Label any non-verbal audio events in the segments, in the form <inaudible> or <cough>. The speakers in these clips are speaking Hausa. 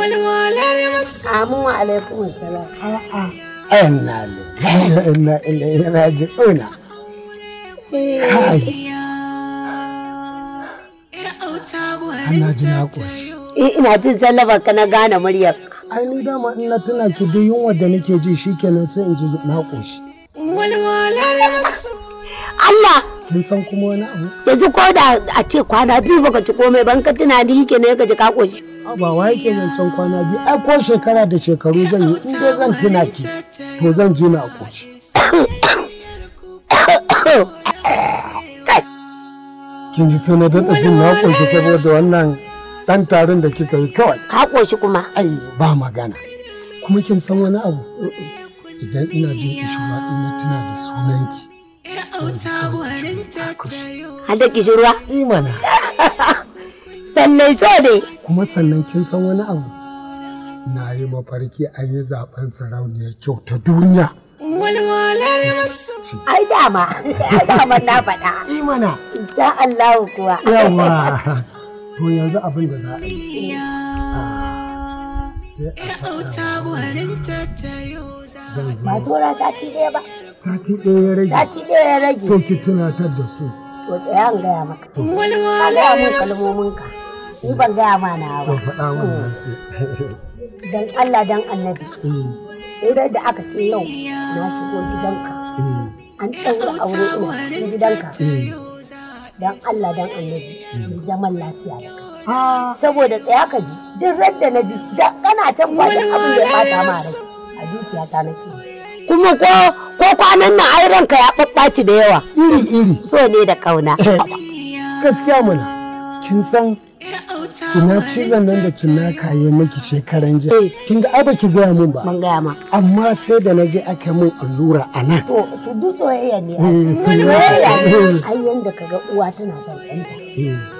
walwalar masu. Amin jin eh, Ina jin zallabar ka na gane muryar. Ai ni dama ina tuna ki duk yunwa da nake ji shikenan sai in ji na ƙoshi. Allah kin san kuma wani abu yanzu ko da a ce kwana biyu baka ci komai ban ka tunani yake ne ka ji ka koshi ba wa yake san kwana biyu ai ko shekara da shekaru zan yi in dai zan tuna ki to zan ji na koshi kin ji sai na daɗa jin na koshi da wannan ɗan tarin da kika yi kawai ka koshi kuma ai ba magana kuma kin san wani abu idan ina jin ma ina tuna da sunan ki Hada kishirwa? Imana. so ne. Kuma sannan kin san wani abu. Na yi mafarki an yi zaben sarauniya kyau ta duniya. Walwalar masu. Ai dama, ai dama na faɗa. Imana. Da Allah kuwa. Yawa. To yanzu abin da za a yi. Ba tora sati ɗaya ba. Sati ɗaya ya rage. Sati ɗaya ya rage. Sai ki tunatar da su. To tsaya gaya maka. Walwalar masu. Ka gaya mun kalmominka. Ni ban gaya ma na ba. faɗa mana. Dan Allah dan Annabi. Hmm. Idan da aka ce yau na shigo gidanka. Hmm. An ɗaura aure ina cikin gidanka. Hmm. Dan Allah dan Annabi. Zaman lafiya da ah. Saboda tsaya ka ji duk radda na ji da kana can wajen abin da ya fata ma rai a zuciyata nake. Kuma ko ko kwanan nan ai ranka ya ɓaɓɓaci da yawa. Iri iri. So ne da ƙauna. Eh. Gaskiya mana kin san Ina cizon nan da cinnaka ya miki shekaran jiya. Eh, kin ga aba ki gaya mun ba. Ban gaya ma. Amma sai da na je aka mun allura a nan. To duk soyayya ne. Eh, Wani soyayya ne. Eh, ai yanda kaga uwa tana son ɗanta.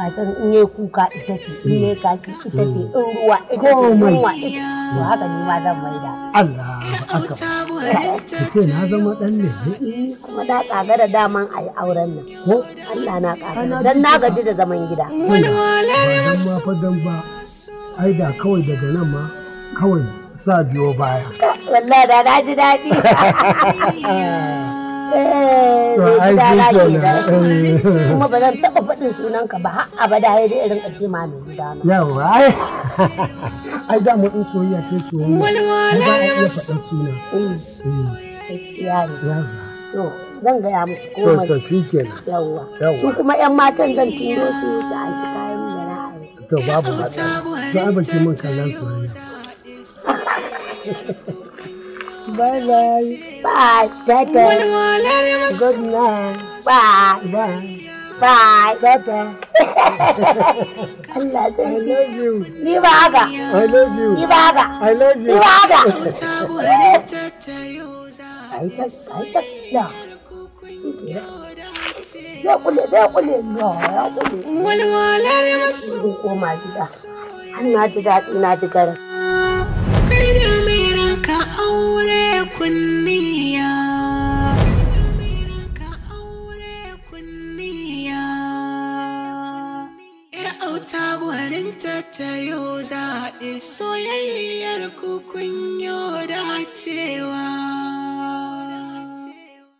ka san in yayi kuka ita ce in yayi kaki ita ce in ruwa ita ce ruwa ita to haka ni ma zan maida Allah aka ce na zama ɗan ne kuma na da kagara a yi auren nan ko Allah na kagara dan na gaji da zaman gida ma fa dan ba ai da kawai daga nan ma kawai sa biyo baya wallahi da na ji daɗi <laughs> mai gidana kenan kuma ba zan taɓa faɗin sunanka ba a bada ya dai rinka ma mai gidana yawa ai ai da mu in soyayya ke soyayya ba a iya faɗin sunan eh, zan gaya To, shi kenan. Su kuma 'yan matan zan turo su su aiki kayan da na To, babu matsala. To, kallon soyayya. <laughs> Bye bye. Bye. Bye bye. Good night. Bye. Bye. Bye. Bye bye. I love you. I love you I love you. I love you. I ba haka. Ai ta ai ta Ya kule ya kule ya kule. Walwalar masu. Ko ma gida. An na ji daɗi na ji garin. aure kunniya auta gwanin tattayo zaɓe soyayyar kukunyo da cewa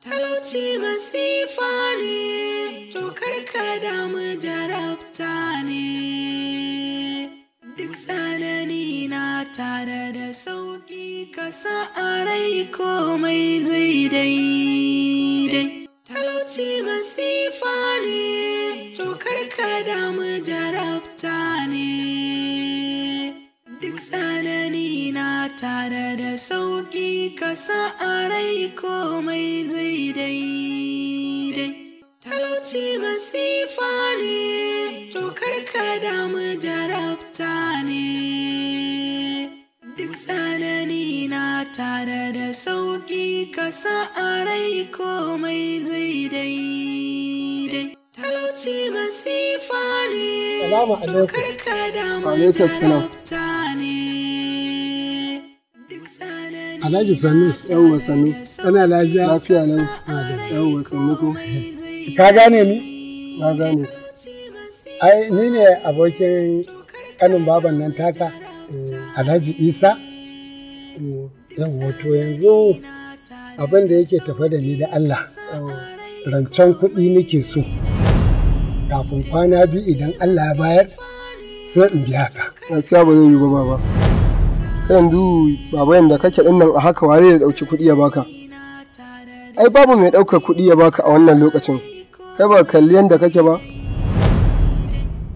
talauci masifa ne tokar karka damu jarabta ne duk tsanani na tare da sauri kasa a rai komai zai daidai talauci masifa ne to ka damu jarabta ne duk tsanani na tare da sauki kasa a rai komai zai daidai talauci masifa ne to ka damu jarabta ne tsanani na tare da sauƙi ka a rai komai zai daidai. Talauci masifa ne, tokar ka damu talauta ne. Alhaji Sani, ɗan wasanni, ana lafiya? Lafiya nan, ɗan wasanni ko. Ka gane ni? Na gane. Ai, ni ne abokin ƙanin baban nan taka, eh, Alhaji Isa. zan hoto yanzu abin da yake tafa da ni da Allah rancen kuɗi nake so kafin kwana biyu idan Allah ya bayar sai in biya ka gaskiya ba zai yi ba baba yanzu baba yanda kake din nan a haka waye ya ɗauki kuɗi ya baka ai babu mai ɗaukar kuɗi ya baka a wannan lokacin kai ba kalli yanda kake ba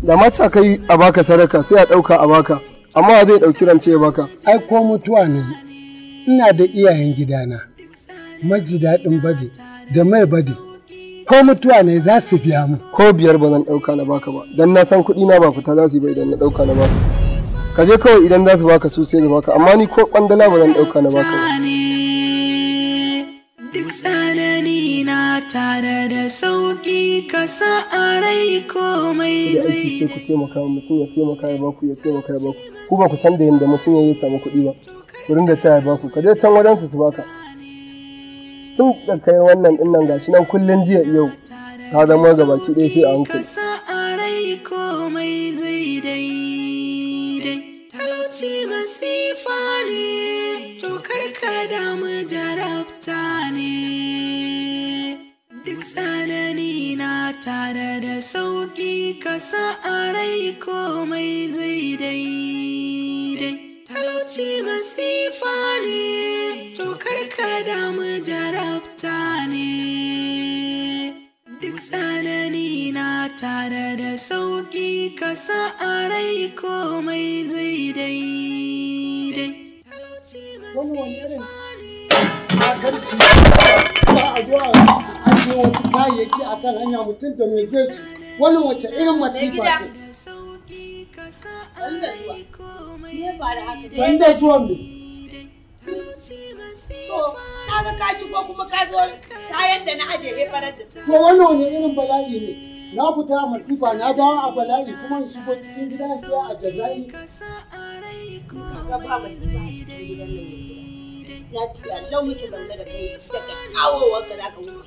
da mata a baka sadaka sai a ɗauka a baka amma zai ɗauki rance ya baka ai ko mutuwa ne ina da iyayen gidana maji daɗin bade da mai bade ko mutuwa ne za su biya mu ko biyar ba zan ɗauka na baka ba dan na san kuɗi na ba fita za su yi ba idan na ɗauka na baka ka kawai idan za su baka su sai da baka amma ni ko ƙwandala ba zan ɗauka na baka ba tare da sauki ka sa a rai komai zai sai ku taimaka wa mutum ya taimaka ya baku ya taimaka ya baku ku ba ku san da yadda mutum ya yi samu kuɗi ba ku ringa ta ya baku ka je can wajen su baka sun da kai wannan din nan gashi nan kullum jiya yau ka zama gaba ki ɗaya sai a hankali. Talauci masifa ne, to karka damu jarabta. tare da sauƙi ka sa a rai komai zai daidai talauci masifa ne to karka damu jarabta ne duk tsanani na tare da sauƙi ka sa a rai komai zai daidai talauci masifa ne ɗauko wasu kayayyaki a kan hanya mutum da mai zai wani wace irin matifa ce. Wanda zuwa me? To, na ga ka ko kuma ka zo kayan da na ajiye ne farar da. To wannan wani irin bala'i ne? Na fita a matifa na dawo a bala'i kuma in shigo cikin gida a jaza'i. Ka ba matifa a cikin gidan nan. lafiya lau muke banda da kai daga kawowar ka za ka wuce Allah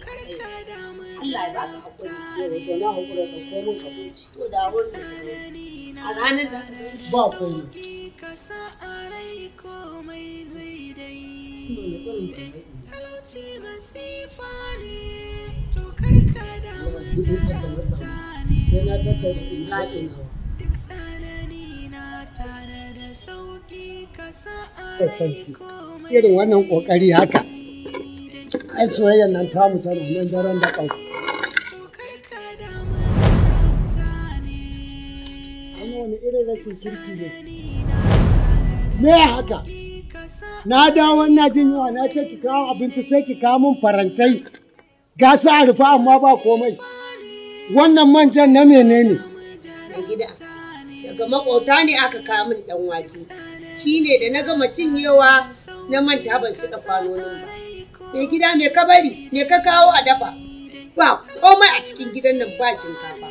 ya baka hakuri da na hakura ka komo ka wuce to da wannan a ranar da ba komai Talauci masifa ne, to karka da mutane. Yana irin wannan kokari haka ai soyayyar nan ta mu tana nan daren da ƙau An wani irin rashin kirki ne me haka na dawo na jin yawa na ce ki kawo abinci sai ki kawo min farantai gasa a rufa amma ba komai wannan manjan na menene ne daga makwauta ne aka kawo min dan wake shine da na gama cinyewa na manta ban suka kwanonin ba mai gida me ka bari me ka kawo a dafa ba komai a cikin gidan nan ba shinkafa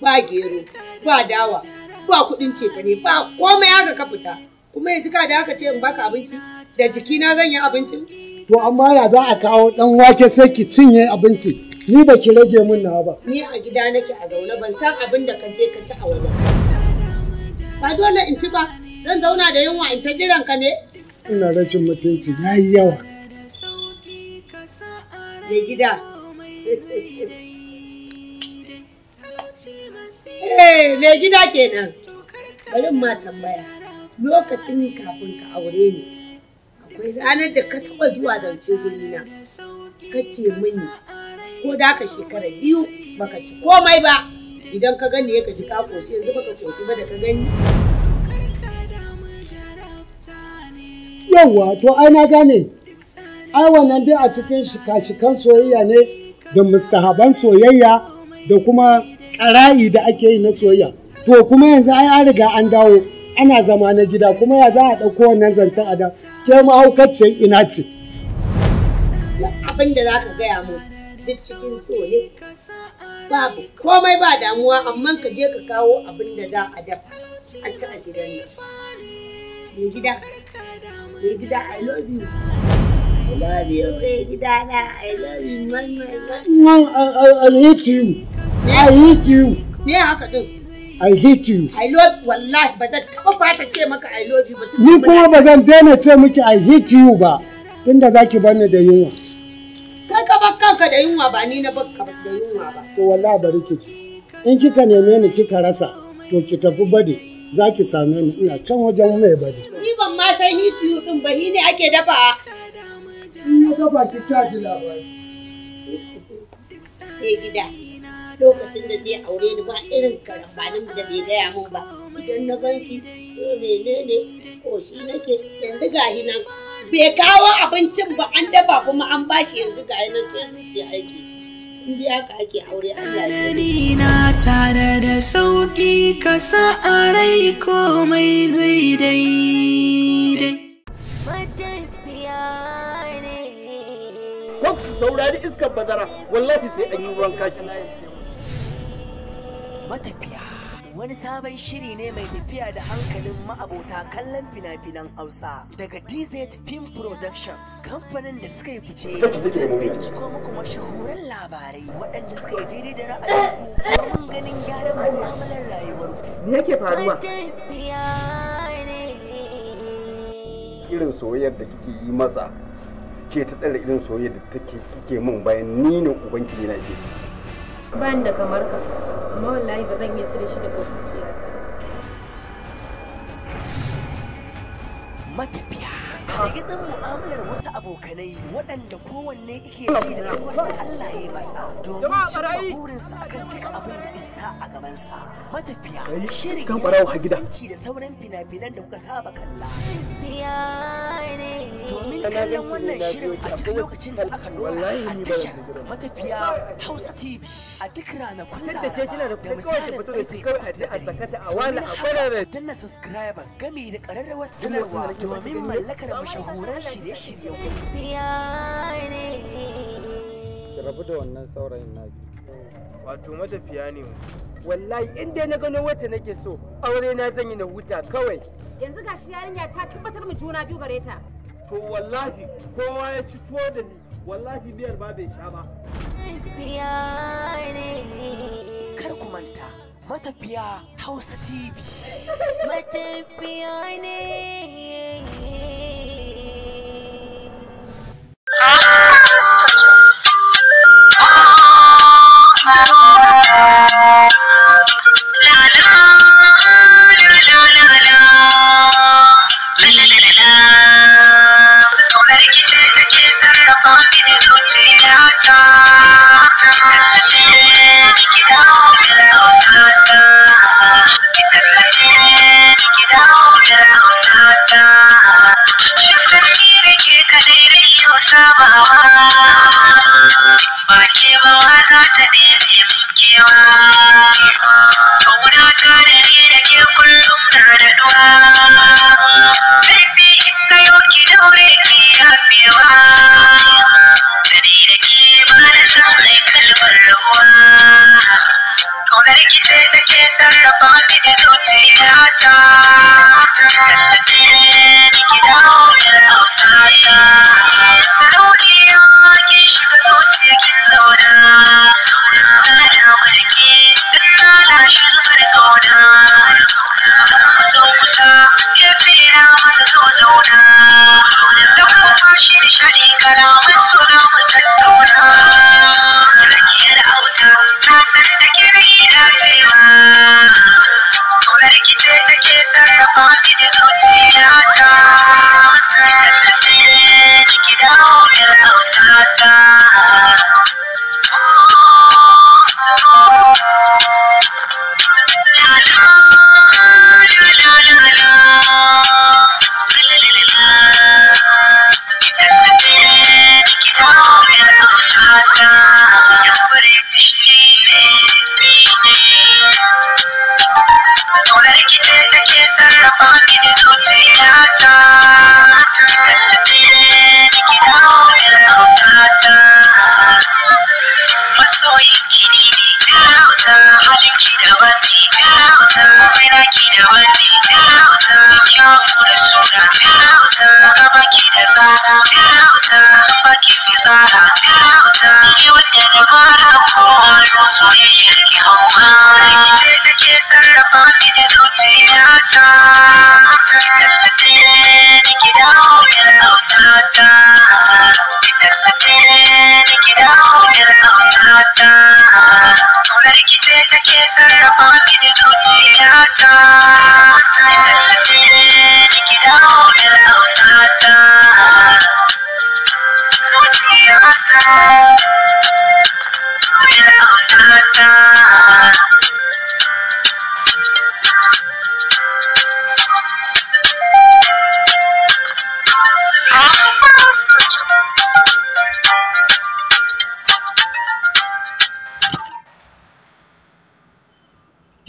ba gero ba dawa ba kuɗin cefane ba komai haka ka fita kuma yanzu ka da haka ce in baka abinci da jikina zan yi abinci? to amma ya za a kawo dan wake sai ki cinye abinci ni ba ki rage min nawa ba ni a gida nake a zaune ban san abin da ka je ka ci a wajen ba dole in ci ba zan zauna da yunwa in ta jiran ka ne ina rashin mutunci na yi yawa da gida eh mai gida kenan bari ma tambaya lokacin kafin ka aure ni akwai ranar da ka taɓa zuwa zance gurina ka ce mini ko da ka shekara biyu baka ci komai ba idan ka gani ya kaji ka koshi yanzu baka koshi ba da ka gani yawwa to ai na gane ai wannan dai a cikin shikashikan soyayya ne da mustahaban soyayya da kuma ƙara'i da ake yi na soyayya to kuma yanzu ai an riga an dawo ana zama na gida kuma ya za a ɗauko wannan zancen a da ke mahaukacciyar ina ce Abinda da za ka gaya mu duk cikin so ne babu komai ba damuwa amma ka je ka kawo abin da za a dafa an ci a gidan nan Me gida me gida i love you I love you, baby I love you, man, man, I, I, hate you. I hate you. Me haka din? I hate you. I love wallahi ba zan taɓa fata ce maka I love you ba. Ni kuma ba zan daina ce miki I hate you ba. Tunda zaki bani da yunwa. da yunwa ba ni na baka da yunwa ba. To wallahi bari ki In kika neme ni kika rasa to ki tafi bade za ki same ni ina can wajen mai bade. Ni ban ma san ni din ba ni ne ake dafa. In na dafa ki ta ji labari. Sai gida. Lokacin da zai aure ni ba irin karfanin da bai gaya min ba. Idan na ganki, ne ne ne, ko shi nake yanzu gahi nan. bai kawo abincin ba an dafa kuma an bashi yanzu ga yanar sai ya aiki haka ake aure na tare da sauki ka sa a rai komai zai daidai wani sabon shiri ne mai tafiya da hankalin ma'abota kallon fina-finan Hausa daga DZ Film Productions kamfanin da suka yi fice wajen binciko muku mashahuran labarai waɗanda suka yi daidai da ra'ayinku domin ganin gyaran mu'amalar rayuwarku. Me yake faruwa? Irin soyayyar da kike yi masa ce ta tsare irin soyayyar da take kike min bayan ni ne ubanki na ke. ba da kamar ka amma wallahi ba zan iya cire shi daga zuciya matafiya shigidin mu'amalar wasu abokanai waɗanda kowanne ike ci da ɗan Allah ya masa domin cimma burinsa akan duka abin da isa a gabansa matafiya shirin ya da sauran fina-finan da kuka saba kalla kallon wannan shirin a duk lokacin da aka dora a tashar matafiya Hausa TV a duk ranakun Laraba da misalin karfe 8 na dare. Domin haka danna subscriber gami da ƙararrawar sanarwa domin mallakar mashahuran shirye-shiryen. Rabu da wannan saurayin naki. Wato matafiya ne mu. Wallahi inda na gano wacce nake so aure na zan yi na huta kawai. Yanzu ga gashi yarinya ta tabbatar mu juna biyu gare ta. to wallahi kowa ya ci tuwo da ni wallahi biyar ba bai sha ba kar ku manta matafiya hausa tv matafiya ne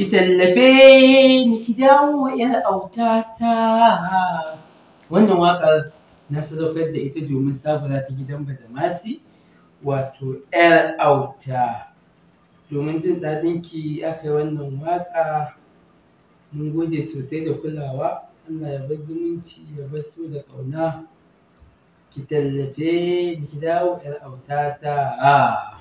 ki tallafe ni ki dawo yar ta. wannan waƙar na sadaukar da ita domin sabula ta gidan badamasi wato yar auta domin jin daɗin ki aka yi wannan waƙa mun gode sosai da kulawa Allah ya bar zumunci ya bar so da ƙauna ki tallafe ni ki dawo yar autata